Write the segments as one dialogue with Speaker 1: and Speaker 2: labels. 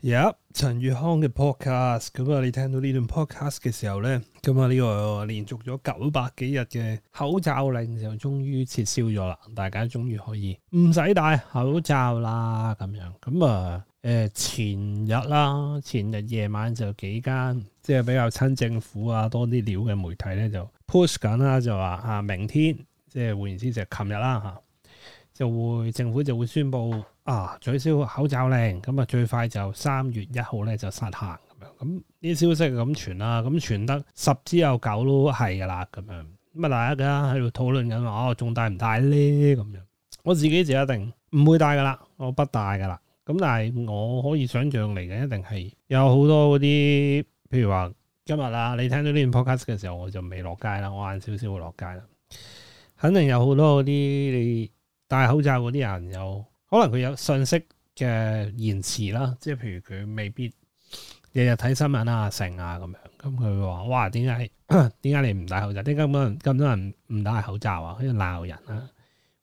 Speaker 1: 入、yeah，陳玉康嘅 podcast，咁啊，你聽到呢段 podcast 嘅時候咧，咁啊，呢個連續咗九百幾日嘅口罩令就終於撤銷咗啦，大家終於可以唔使戴口罩啦，咁樣咁啊、呃，前日啦，前日夜晚就幾間即係比較親政府啊，多啲料嘅媒體咧就 push 緊啦，就話啊，明天即係、就是、換言之就係琴日啦吓就會政府就會宣布。啊！取消口罩令，咁啊最快就三月一號咧就實行咁樣，咁啲消息咁傳啦，咁傳得十之有九都係噶啦，咁樣咁啊大家喺度討論緊話哦，仲戴唔戴咧？咁樣我自己就一定唔會戴噶啦，我不戴噶啦，咁但係我可以想象嚟嘅，一定係有好多嗰啲，譬如話今日啦，你聽到呢段 podcast 嘅時候，我就未落街啦，我晏少少會落街啦，肯定有好多嗰啲你戴口罩嗰啲人有。可能佢有信息嘅延遲啦，即係譬如佢未必日日睇新聞啊、成啊咁樣，咁佢話：哇，點解點解你唔戴口罩？點解咁多人咁多人唔戴口罩啊？喺度鬧人啊！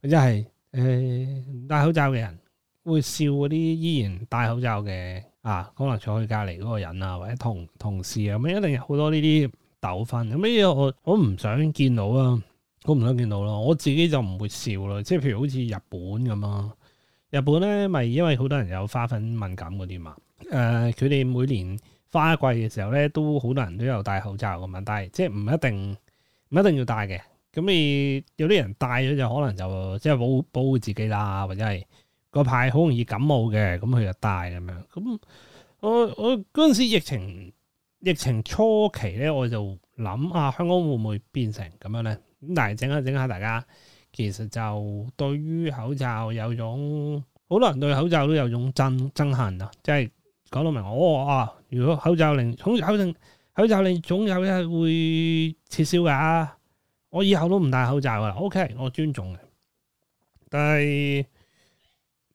Speaker 1: 就係，或者係誒唔戴口罩嘅人會笑嗰啲依然戴口罩嘅啊，可能坐佢隔離嗰個人啊，或者同同事啊咁，一定有好多呢啲糾紛咁呢，我我唔想見到啊，我唔想見到咯。我自己就唔會笑啦，即係譬如好似日本咁咯日本咧，咪因為好多人有花粉敏感嗰啲嘛，呃，佢哋每年花季嘅時候咧，都好多人都有戴口罩咁啊，但即係唔一定唔一定要戴嘅，咁你有啲人戴咗就可能就即係保保護自己啦，或者係個派好容易感冒嘅，咁佢就戴咁樣。咁我我嗰陣時疫情疫情初期咧，我就諗下香港會唔會變成咁樣咧？咁但係整下整下大家。其實就對於口罩有種好多人對口罩都有種憎恨啊！即係講到明，我、哦、啊！如果口罩令總口罩令總有一日會撤銷㗎，我以後都唔戴口罩啦。OK，我尊重嘅。但係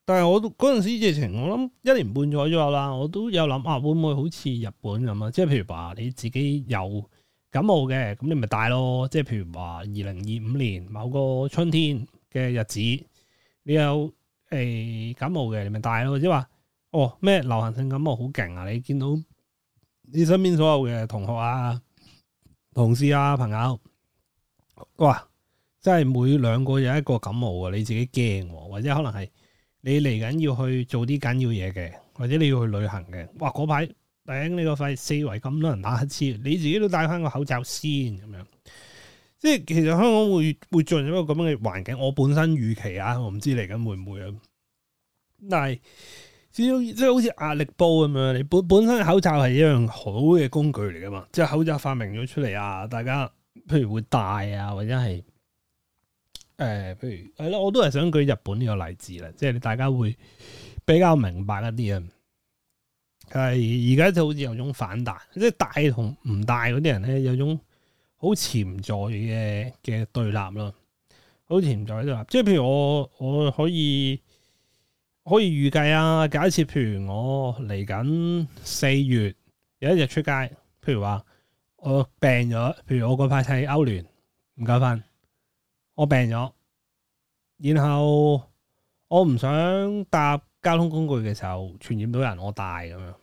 Speaker 1: 但係我嗰陣時疫情，我諗一年半載左右啦，我都有諗啊，會唔會好似日本咁啊？即係譬如話你自己有。感冒嘅，咁你咪戴咯。即係譬如話二零二五年某個春天嘅日子，你有誒感冒嘅，你咪戴咯。或者話，哦咩流行性感冒好勁啊！你見到你身邊所有嘅同學啊、同事啊、朋友，哇！真係每兩個有一個感冒呀，你自己驚喎。或者可能係你嚟緊要去做啲緊要嘢嘅，或者你要去旅行嘅，哇！嗰排～頂、哎、你個肺四圍咁多人打乞嗤，你自己都戴翻個口罩先咁樣，即係其實香港會會進入一個咁樣嘅環境。我本身預期啊，我唔知嚟緊會唔會啊。但係始終即係好似壓力煲咁樣，你本本身口罩係一樣好嘅工具嚟噶嘛？即係口罩發明咗出嚟啊，大家譬如會戴啊，或者係誒、呃，譬如係咯，我都係想舉日本呢個例子啦，即係大家會比較明白一啲啊。係而家就好似有一種反彈，即係大同唔大嗰啲人咧，有一種好潛在嘅嘅對立咯。好潛在對立，即係譬如我我可以可以預計啊，假設譬如我嚟緊四月有一日出街，譬如話我病咗，譬如我嗰排睇歐聯唔夠分，我病咗，然後我唔想搭。交通工具嘅時候傳染到人我。我帶咁樣，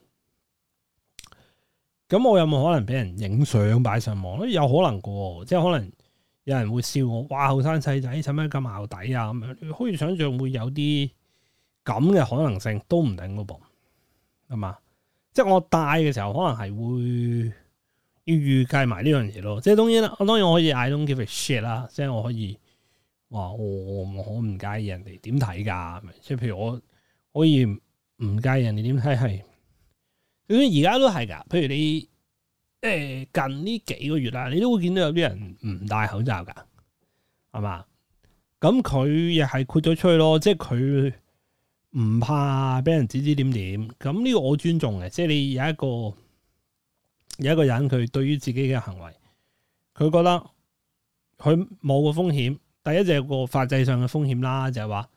Speaker 1: 咁我有冇可能俾人影相擺上網咧？有可能噶，即係可能有人會笑我，哇後生細仔使乜咁淆底啊咁樣，可以想象會有啲咁嘅可能性，都唔定噶噃，係嘛？即係我帶嘅時候，可能係會要預計埋呢樣嘢咯。即係當然啦，我當然可以嗌 I don't give a shit 啦，即係我可以話我我我唔介意人哋點睇噶，即係譬如我。可以唔介意人哋點睇，係，佢而家都係噶。譬如你誒，近呢幾個月啦，你都會見到有啲人唔戴口罩噶，係嘛？咁佢又係豁咗出去咯，即係佢唔怕俾人指指點點。咁呢個我尊重嘅，即係你有一個有一個人，佢對於自己嘅行為，佢覺得佢冇個風險。第一就係個法制上嘅風險啦，就係話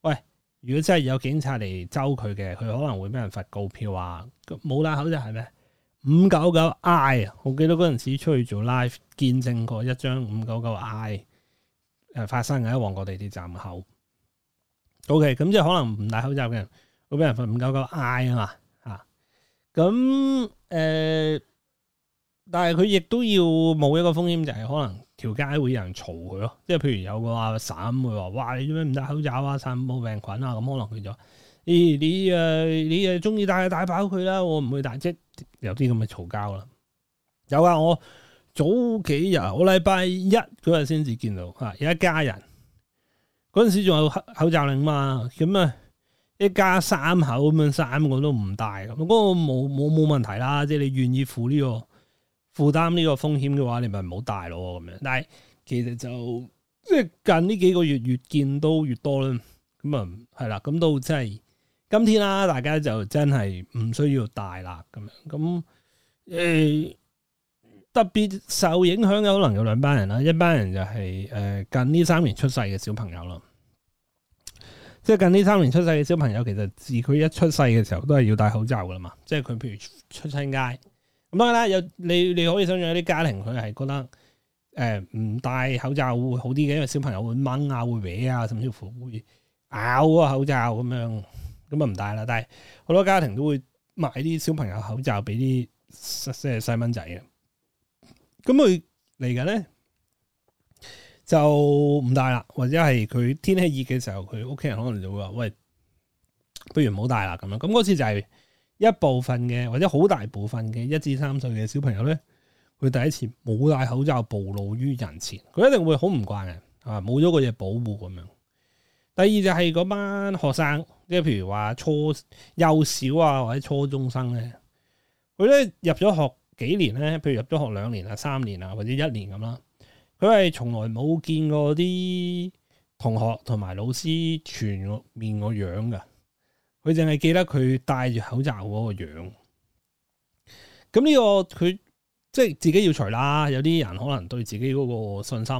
Speaker 1: 喂。如果真係有警察嚟揪佢嘅，佢可能會俾人罰告票啊！冇戴口罩係咩？五九九 I，我記得嗰陣時出去做 live，見證過一張五九九 I 發生喺旺角地鐵站口。O.K. 咁即係可能唔戴口罩嘅人會俾人罰五九九 I 啊嘛嚇。咁誒。呃但係佢亦都要冒一個風險，就係、是、可能條街會有人嘈佢咯。即係譬如有個阿嬸會話，哇，你做咩唔戴口罩啊？散播病菌啊？咁可能佢就，咦、欸，你誒、啊，你誒、啊，中意、啊、戴就戴跑佢啦，我唔會戴。即係有啲咁嘅嘈交啦。有啊，我早幾日，我禮拜一嗰日先至見到有一家人。嗰陣時仲有口罩令嘛？咁啊，一家三口咁樣三，個都唔戴。咁個冇冇冇問題啦，即係你願意付呢、這個。負擔呢個風險嘅話，你咪唔好戴咯咁樣。但係其實就即係近呢幾個月越見到越多啦。咁啊係啦，咁到真、就、係、是、今天啦，大家就真係唔需要戴啦咁樣。咁誒、呃、特別受影響嘅可能有兩班人啦，一班人就係、是、誒、呃、近呢三年出世嘅小朋友啦。即係近呢三年出世嘅小朋友，其實自佢一出世嘅時候都係要戴口罩噶嘛。即係佢譬如出親街，咁當然啦，有你你可以想象有啲家庭佢係覺得誒唔、呃、戴口罩會好啲嘅，因為小朋友會掹啊會歪啊甚至乎會咬嗰、啊、個口罩咁樣，咁啊唔戴啦。但係好多家庭都會買啲小朋友口罩俾啲即係細蚊仔嘅。咁佢嚟緊咧就唔戴啦，或者係佢天氣熱嘅時候，佢屋企人可能就會話喂，不如唔好戴啦咁樣。咁嗰次就係、是。一部分嘅或者好大部分嘅一至三歲嘅小朋友咧，佢第一次冇戴口罩暴露於人前，佢一定會好唔慣嘅啊！冇咗嗰隻保護咁樣。第二就係嗰班學生，即係譬如話初幼小啊或者初中生咧，佢咧入咗學幾年咧，譬如入咗學兩年啊、三年啊或者一年咁啦，佢係從來冇見過啲同學同埋老師全面個樣噶。佢淨係記得佢戴住口罩嗰個樣，咁呢個佢即係自己要除啦。有啲人可能對自己嗰個信心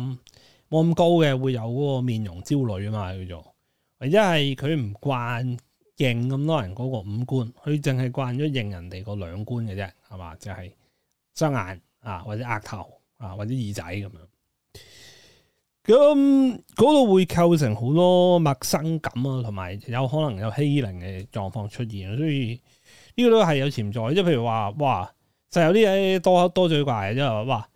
Speaker 1: 冇咁高嘅，會有嗰個面容焦慮啊嘛叫做，或者係佢唔慣認咁多人嗰個五官，佢淨係慣咗認人哋個兩官嘅啫，係嘛？就係雙眼啊，或者額頭啊，或者耳仔咁樣。咁嗰度會構成好多陌生感啊，同埋有，有可能有欺凌嘅狀況出現，所以呢、這個都係有潛在，即係譬如話，哇，就有啲嘢多多嘴怪嘅，即係話，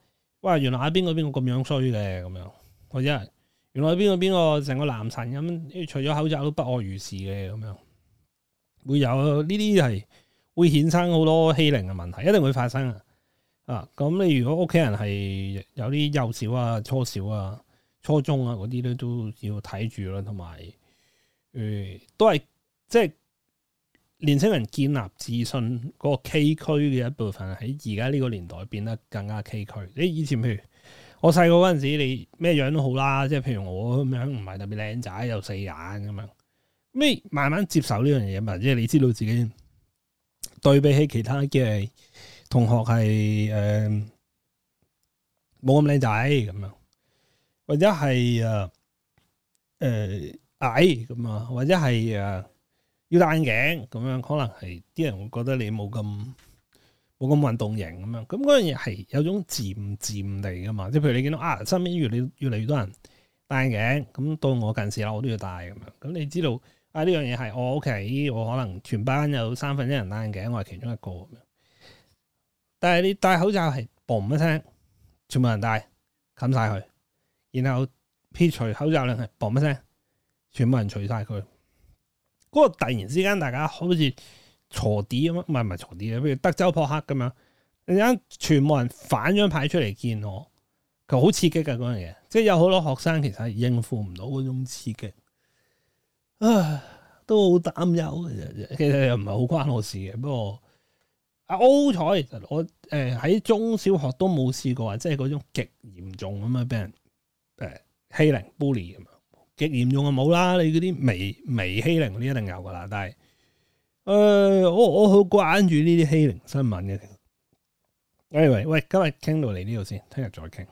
Speaker 1: 哇，原來邊個邊個咁樣衰嘅，咁樣或者係原來邊個邊個成個男神咁，除咗口罩都不外如是嘅，咁樣會有呢啲係會衍生好多欺凌嘅問題，一定會發生啊！咁你如果屋企人係有啲幼小啊、初小啊，初中啊嗰啲咧都要睇住啦，同埋誒都係即係年輕人建立自信嗰個崎嶇嘅一部分，喺而家呢個年代變得更加崎嶇。你、欸、以前譬如我細個嗰陣時，你咩樣都好啦，即係譬如我咁樣唔係特別靚仔，又四眼咁樣，咩慢慢接受呢樣嘢嘛，即係你知道自己對比起其他嘅同學係誒冇咁靚仔咁樣。或者係誒誒矮咁啊，或者係誒、呃、要戴眼鏡咁樣，可能係啲人會覺得你冇咁冇咁運動型咁樣漸漸。咁嗰樣嘢係有種漸漸地噶嘛？即係譬如你見到啊，身邊越嚟越嚟越多人戴眼鏡，咁到我近視啦，我都要戴咁樣。咁你知道啊？呢樣嘢係我屋企，我可能全班有三分一人戴眼鏡，我係其中一個咁樣。但係你戴口罩係嘣一聲，全部人戴冚晒佢。然後撇除口罩咧，係嘣一聲，全部人除曬佢。嗰個突然之間，大家好似傻啲咁啊，唔係唔係傻啲啊？譬如德州撲克咁樣，你啱全部人反咗牌出嚟，見我，佢好刺激嘅嗰樣嘢。即係有好多學生其實應付唔到嗰種刺激，唉，都好擔憂，其實又唔係好關我事嘅。不過阿，好彩，其實、啊、我誒喺、呃、中小學都冇試過，即係嗰種極嚴重咁啊，俾人。誒，欺凌 bully 咁樣，極嚴重就冇啦，你嗰啲微微欺凌啲一定有㗎喇，但係誒、呃，我我好關注呢啲欺凌新聞嘅，Anyway，喂，今日傾到嚟呢度先，聽日再傾。